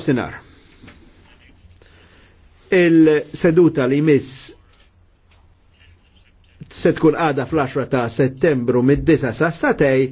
sinar. Il-seduta li miss se tkun għada fl-10 ta' settembru mid disa sa' satej